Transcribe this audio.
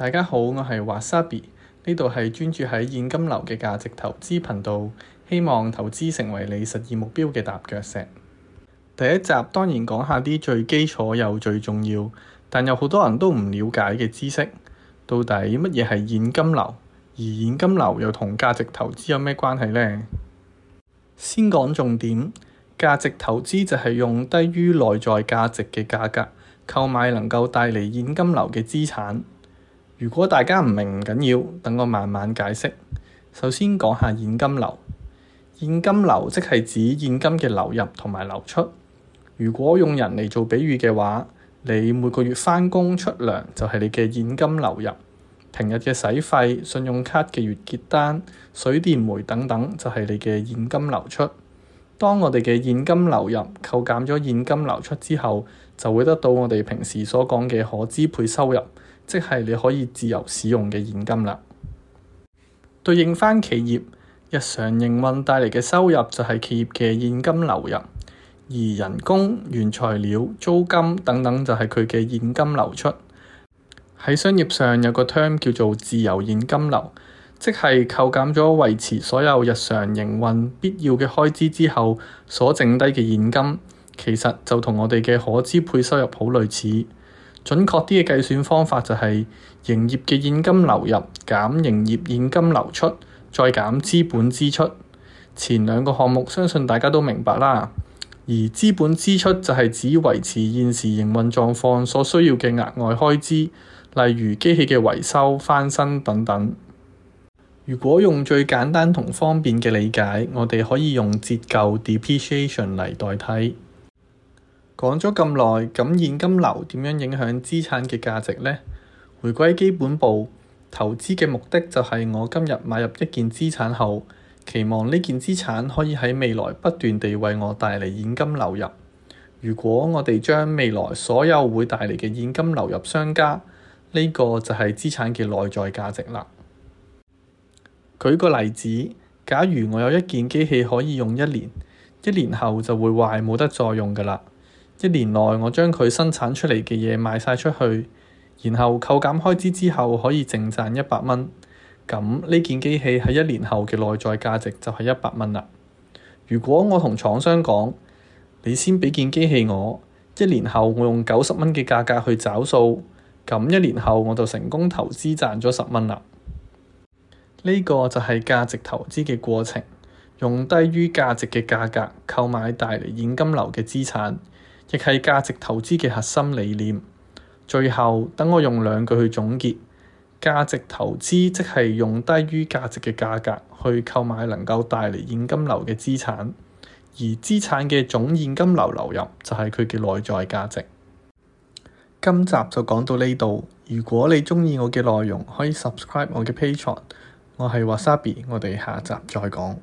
大家好，我係華沙比。呢度係專注喺現金流嘅價值投資頻道，希望投資成為你實現目標嘅踏腳石。第一集當然講下啲最基礎又最重要，但又好多人都唔了解嘅知識。到底乜嘢係現金流？而現金流又同價值投資有咩關係呢？先講重點，價值投資就係用低於內在價值嘅價格購買能夠帶嚟現金流嘅資產。如果大家唔明唔緊要，等我慢慢解釋。首先講下現金流，現金流即係指現金嘅流入同埋流出。如果用人嚟做比喻嘅話，你每個月返工出糧就係你嘅現金流入，平日嘅使費、信用卡嘅月結單、水電煤等等就係你嘅現金流出。當我哋嘅現金流入扣減咗現金流出之後，就會得到我哋平時所講嘅可支配收入。即係你可以自由使用嘅現金啦。對應返企業日常營運帶嚟嘅收入就係企業嘅現金流入，而人工、原材料、租金等等就係佢嘅現金流出。喺商業上有個 term 叫做自由現金流，即係扣減咗維持所有日常營運必要嘅開支之後所剩低嘅現金，其實就同我哋嘅可支配收入好類似。準確啲嘅計算方法就係營業嘅現金流入減營業現金流出，再減資本支出。前兩個項目相信大家都明白啦。而資本支出就係指維持現時營運狀況所需要嘅額外開支，例如機器嘅維修、翻新等等。如果用最簡單同方便嘅理解，我哋可以用折舊 （depreciation） 嚟代替。講咗咁耐，咁現金流點樣影響資產嘅價值呢？回歸基本步，投資嘅目的就係我今日買入一件資產後，期望呢件資產可以喺未來不斷地為我帶嚟現金流入。如果我哋將未來所有會帶嚟嘅現金流入相加，呢個就係資產嘅內在價值啦。舉個例子，假如我有一件機器可以用一年，一年後就會壞冇得再用㗎啦。一年內，我將佢生產出嚟嘅嘢賣晒出去，然後扣減開支之後，可以淨賺一百蚊。咁呢件機器喺一年後嘅內在價值就係一百蚊啦。如果我同廠商講：你先畀件機器我，一年後我用九十蚊嘅價格去找數，咁一年後我就成功投資賺咗十蚊啦。呢個就係價值投資嘅過程，用低於價值嘅價格購買帶嚟現金流嘅資產。亦係價值投資嘅核心理念。最後，等我用兩句去總結：價值投資即係用低於價值嘅價格去購買能夠帶嚟現金流嘅資產，而資產嘅總現金流流入就係佢嘅內在價值。今集就講到呢度。如果你鍾意我嘅內容，可以 subscribe 我嘅 Patreon。我係 Wasabi，我哋下集再講。